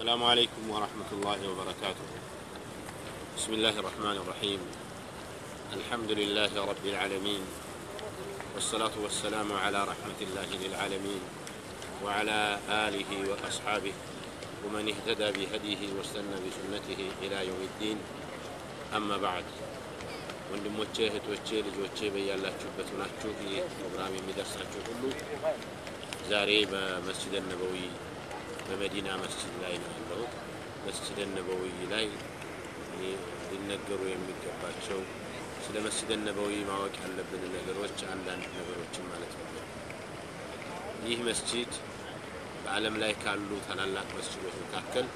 السلام عليكم ورحمة الله وبركاته بسم الله الرحمن الرحيم الحمد لله رب العالمين والصلاة والسلام على رحمة الله للعالمين وعلى آله وأصحابه ومن اهتدى بهديه واستنى بسنته إلى يوم الدين أما بعد ወንድሞቼ እህቶቼ ልጆቼ በያላችሁበት ሆናችሁ ይህ ፕሮግራም የሚደርሳችሁ ሁሉ ዛሬ በመስጅደ بمدينة مسجد لاي نعلو مسجد النبوي لاي لنقروا يميك باتشو سلا مسجد النبوي ما وكي حلبنا نقروش عندنا نقروش مالتنا ليه مسجد بعلم لاي كالو تلالات مسجد وتتاكل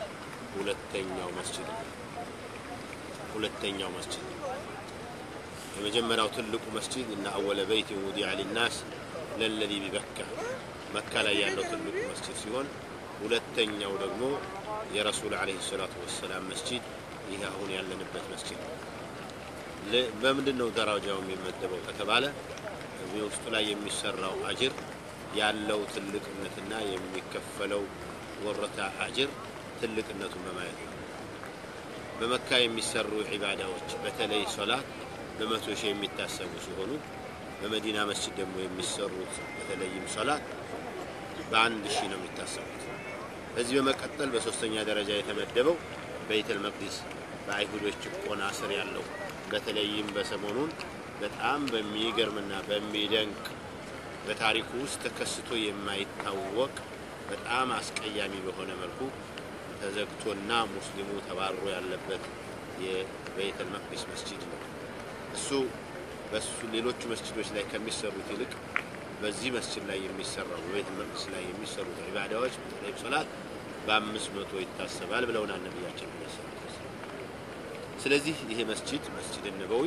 ولتين يو مسجد ولتين يو مسجد لما جمعنا وتلقوا مسجد إن أول بيت وديع للناس للذي ببكة مكة لا يعلو تلقوا مسجد سيون ሁለተኛው ደግሞ የረሱል አለይሂ ሰላቱ ወሰላም መስጂድ ይህ አሁን ያለንበት መስጂድ ነው። በምንድን ነው ደረጃው የሚመደበው ከተባለ ውስጡ ላይ የሚሰራው አጅር ያለው ትልቅነትና የሚከፈለው ወረታ አጅር ትልቅነቱን በማየት ነው። በመካ የሚሰሩ ዒባዳዎች በተለይ ሶላት በመቶ ሺህ የሚታሰቡ ሲሆኑ በመዲና መስጂድ ደግሞ የሚሰሩት በተለይም ሶላት በአንድ ሺህ ነው የሚታሰቡት። በዚህ በመቀጠል በሶስተኛ ደረጃ የተመደበው በይተል መቅዲስ በአይሁዶች ጭቆና ስር ያለው በተለይም በሰሞኑን በጣም በሚገርምና በሚደንቅ በታሪኩ ውስጥ ተከስቶ የማይታወቅ በጣም አስቀያሚ በሆነ መልኩ ተዘግቶና ሙስሊሙ ተባሮ ያለበት የበይተል መቅዲስ መስጂድ ነው። እሱ በሱ ሌሎቹ መስጂዶች ላይ ከሚሰሩት ይልቅ በዚህ መስጅድ ላይ የሚሰራው በቤተ መቅደስ ላይ የሚሰሩት ዒባዳዎች በተለይ ሶላት በአምስት መቶ ይታሰባል ብለውናል ነቢያችን ሰለላሁ ስለዚህ ይሄ መስጅድ መስጅድ ነበዊ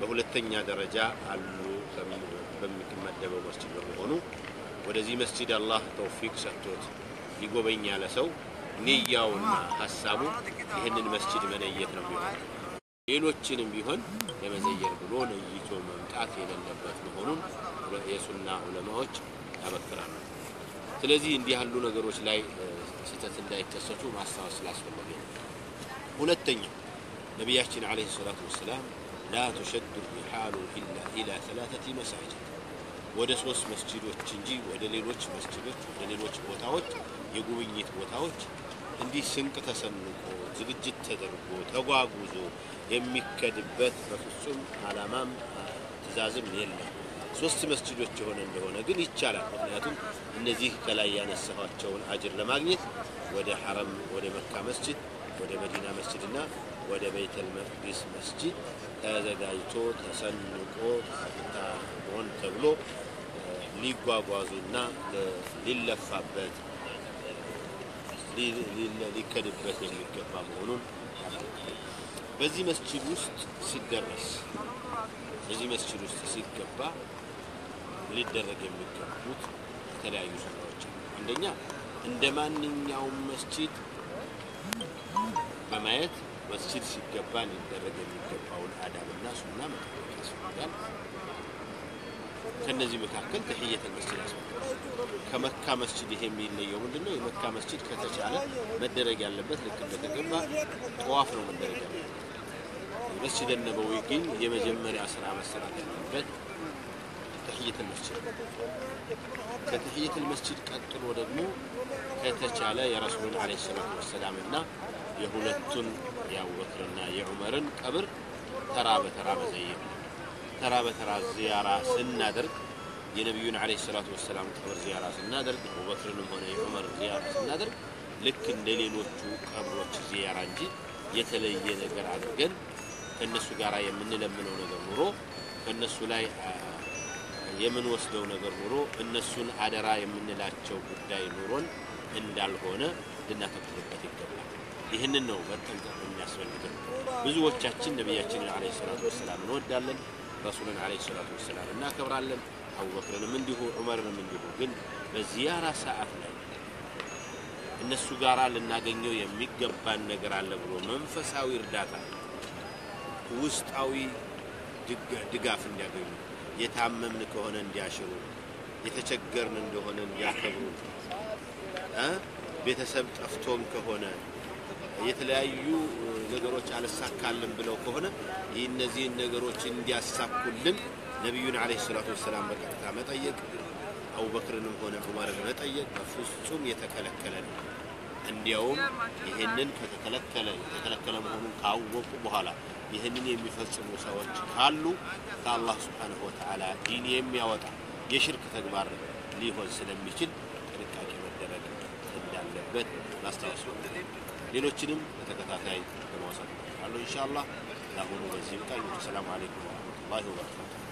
በሁለተኛ ደረጃ አሉ በሚመደበው መስጅድ በመሆኑ ወደዚህ መስጅድ አላህ ተውፊቅ ሰጥቶት ሊጎበኝ ያለ ሰው ንያውና ሀሳቡ ይህንን መስጅድ መነየት ነው የሚሆነው። ሌሎችንም ቢሆን ለመዘየር ብሎ ለይቶ መምጣት የሌለበት መሆኑን የሱና ዑለማዎች ያበክራሉ። ስለዚህ እንዲህ ያሉ ነገሮች ላይ ስህተት እንዳይከሰቱ ማስታወስ ስላስፈለገ ነው። ሁለተኛ ነቢያችን ዓለይሂ ሰላቱ ወሰላም ላ ቱሸዱ ሪሓሉ ኢላ ኢላ ሰላተቲ መሳጅድ ወደ ሶስት መስጅዶች እንጂ ወደ ሌሎች መስጅዶች ወደ ሌሎች ቦታዎች የጉብኝት ቦታዎች እንዲህ ስንቅ ተሰንቆ ዝግጅት ተደርጎ ተጓጉዞ የሚከድበት በፍጹም ዓላማም ትዛዝም የለም። ሶስት መስጅዶች የሆነ እንደሆነ ግን ይቻላል። ምክንያቱም እነዚህ ከላይ ያነሳኋቸውን አጅር ለማግኘት ወደ ሐረም ወደ መካ መስጅድ፣ ወደ መዲና መስጅድና ወደ ቤተል መቅዲስ መስጅድ ተዘጋጅቶ ተሰንቆ ሆን ተብሎ ሊጓጓዙና ሊለፋበት ሊከድበት የሚገባ መሆኑን በዚህ መስጅድ ውስጥ ሲደረስ በዚህ መስጅድ ውስጥ ሲገባ ሊደረግ የሚገቡት የተለያዩ ስራዎች አንደኛ እንደ ማንኛውም መስጅድ በማየት መስጅድ ሲገባ ሊደረግ የሚገባውን አዳብና ሱና መጠበቅ ያስፈልጋል። ከነዚህ መካከል ተህየተ መስጂድ ያስመልክታል። ከመካ መስጂድ ይሄ የሚለየው ምንድነው? የመካ መስጂድ ከተቻለ መደረግ ያለበት ልክ እንደተገባ ጠዋፍ ነው መደረግ ያለበት። መስጂድ ነበዊ ግን የመጀመሪያ ስራ መሰራት ያለበት ተህየተ መስጂድ። ከተህየተ መስጂድ ቀጥሎ ደግሞ ከተቻለ የረሱሉን አለይሂ ሰላቱ ወሰላም እና የሁለቱን የአቡበክርና የዑመርን ቀብር ተራ በተራ መዘየም ተራ በተራ ዚያራ ስናደርግ የነቢዩን ዓለይሂ ሰላቱ ወሰላም ቀብር ዚያራ ስናደርግ አቡበክርንም ሆነ የዑመር ዚያራ ስናደርግ ልክ እንደ ሌሎቹ ቀብሮች ዚያራ እንጂ የተለየ ነገር አድርገን ከእነሱ ጋር የምንለምነው ነገር ኑሮ ከእነሱ ላይ የምንወስደው ነገር ኑሮ እነሱን አደራ የምንላቸው ጉዳይ ኑሮን እንዳልሆነ ልናተኩርበት ይገባል። ይህንን ነው መጠንቀቅ የሚያስፈልግ። ብዙዎቻችን ነቢያችንን ዓለይሂ ሰላቱ ወሰላም እንወዳለን። ረሱልን ዓለይሂ ሰላቱ ወሰላም እናከብራለን፣ አቡበክርንም እንዲሁ ዑመርንም እንዲሁ። ግን በዚያራ ሰዓት ላይ እነሱ ጋር ልናገኘው የሚገባን ነገር አለ ብሎ መንፈሳዊ እርዳታ ውስጣዊ ድጋፍ እንዲያገኙ፣ የታመምን ከሆነ እንዲያሽሩ፣ የተቸገርን እንደሆነ እንዲያከብሩ፣ ቤተሰብ ጠፍቶን ከሆነ የተለያዩ ነገሮች አልሳካልን ብለው ከሆነ ይህ እነዚህን ነገሮች እንዲያሳኩልን ነቢዩን ዓለይሂ ሰላቱ ወሰላም በቀጥታ መጠየቅ፣ አቡበክርንም ሆነ ዑመርን መጠየቅ በፍጹም የተከለከለ ነው። እንዲያውም ይህንን ከተከለከለ የተከለከለ መሆኑን ካወቁ በኋላ ይህንን የሚፈጽሙ ሰዎች ካሉ ከአላህ ስብሓነሁ ወተዓላ ዲን የሚያወጣ የሽርክ ተግባር ሊሆን ስለሚችል ጥንቃቄ መደረግ እንዳለበት ማስታወስ ሌሎችንም በተከታታይ ለማውሳት አለው። ኢንሻአላህ ለአሁኑ በዚህ ብቃኝ። ሰላም አለይኩም ወራህመቱላሂ ወበረካቱ